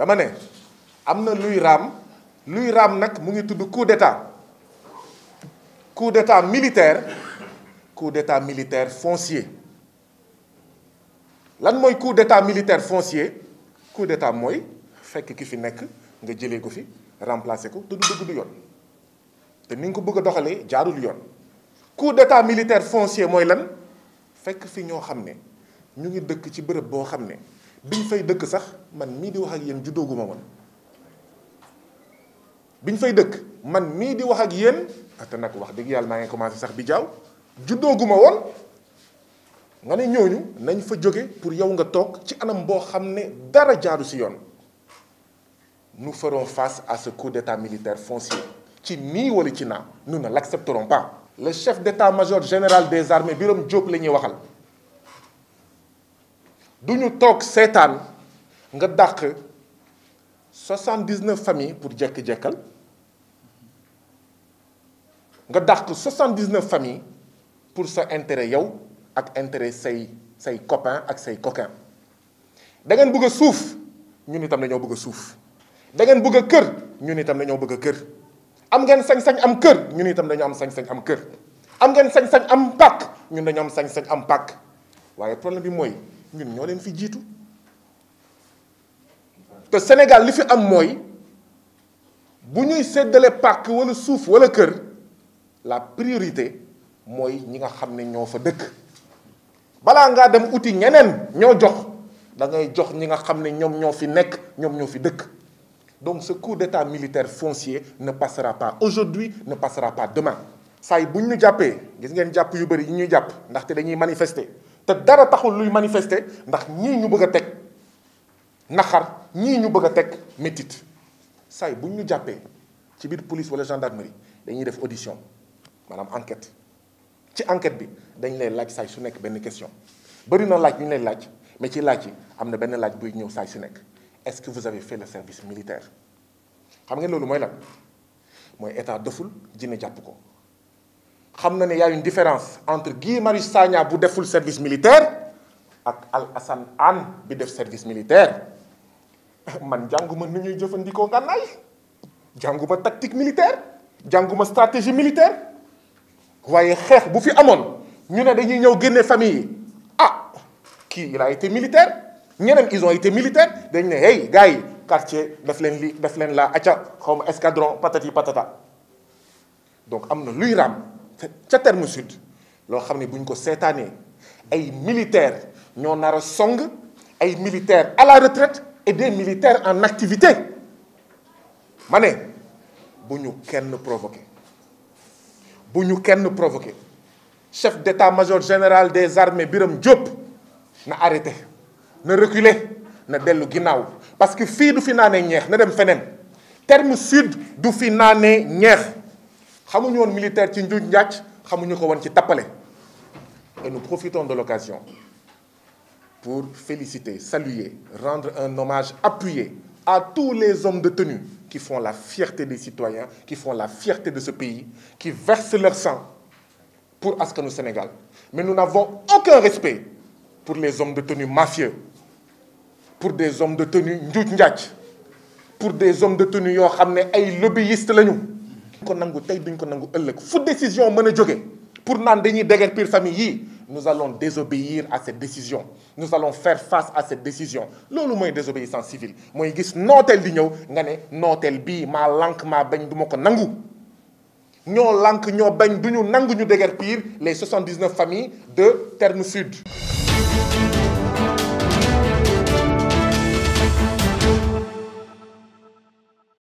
dama ne am na luy raam luy raam nag mu ngi tudd coup d'état coup d'état militaire coup d'état militaire foncier lan mooy coup d'état militaire foncier coup d'état mooy fekk ki fi nekk nga jëlee ko fi remplacer ko te du dëgg du yoon te ni nga ko bëgg a doxalee jaarul yoon coup d'état militaire foncier mooy lan fekk fi ñoo xam ne ñu ngi dëkk ci bërëb boo xam ne biñ fay dëkk sax man mii di wax ak yéen juddooguma woon biñ fay dëkk man mii di wax ak yéen te nag wax dëgg yàlla maa ngi commencé sax bi jaaw juddooguma woon nga ne ñooñu nañ fa jóge pour yow nga toog ci anam boo xam ne dara jaaru si yoon nous ferons face à ce coup d'état militaire foncier ci nii wala ci naa nous ne l'accepterons pas le chef d'état-major général des armées Biram Diop la ñuy waxal duñu nous toog seetaan nga dàq Nous 79 familles pour jekk-jekkal nga dàq 79 familles pour sa intérêt yow ak intérêt say say copain ak say coquin da ngeen bëgg a suuf ñun itam dañoo bëgg a suuf da ngeen bëgg a kër ñun itam dañoo bëgg a kër am ngeen sañ-sañ am kër ñun itam dañoo am sañ-sañ am kër am ngeen sañ-sañ am pàkk ñun dañoo am sañ-sañ am problème bi ñun ñoo leen fi jiitu te Sénégal li fi am mooy bu ñuy séddale pàkk wala suuf wala kër la priorité mooy ñi nga xam ne ñoo fa dëkk balaa ngaa dem uti ñeneen ñoo jox da ngay jox ñi nga xam ne ñoom ñoo fi nekk ñoom ñoo fi dëkk donc ce coup d'état militaire foncier ne passera pas aujourd'hui ne passera pas demain saa yi bu ñu jàppee gis ngeen jàpp yu bëri yi ñuy jàpp ndaxte dañuy manifester te dara taxul luy manifester ndax ñii ñu bëgg a teg naxar ñii ñu bëgg a teg métit say bu ñu jàppee ci biir police wala gendarmerie dañuy def audition maanaam enquête ci enquête bi dañ lay laaj saay su nekk benn question bëri na laaj ñu lay laaj mais ci laaj yi am na benn laaj buy ñëw saay su nekk est-ce que vous avez fait le service militaire xam ngeen loolu mooy lan mooy état doful jinne jàpp ko xam na y a une différence entre Guy Marius Sagna bu deful service militaire ak Al Hassan Hann bi def service militaire man jànguma Je ne sais pas jànguma tactique militaire jànguma stratégie militaire waaye xeex bu fi amoon ñu ne dañuy ñëw génne famille ah qui il a été militaire ils ont été militaires dañ ne hey gars quartier daf leen li daf leen la acca xaw escadron patati patata donc am lui ram ca terme sud loo xam ne bu ñu ko seetaanee ay militaires ñoo nar a song ay militaires à la retraite et des militaires en activité ma ne bu ñu kenn provoqué bu nous kenn provoqué chef d'état-major général des armées Biram Diop na arrêté na reculé na dellu ginnaaw parce que fii du fi naanee ñeex na dem feneen terme sud du fi naanee ñeex militaire et nous profitons de l'occasion pour féliciter saluer rendre un hommage appuyé à tous les hommes de tenue qui font la fierté des citoyens qui font la fierté de ce pays qui versent leur sang pour askanu Sénégal mais nous n'avons aucun respect pour les hommes de tenue mafieux pour des hommes de tenue pour des hommes de tenue et sont lobbyistes décision pour nous allons désobéir à cette décision nous allons faire face à cette décision loolu la désobéissance civile Moi gis notel di ñew nga ne notel bi ma lank ma bañ du ko nangu bañ nangu ñu les 79 familles de Terme Sud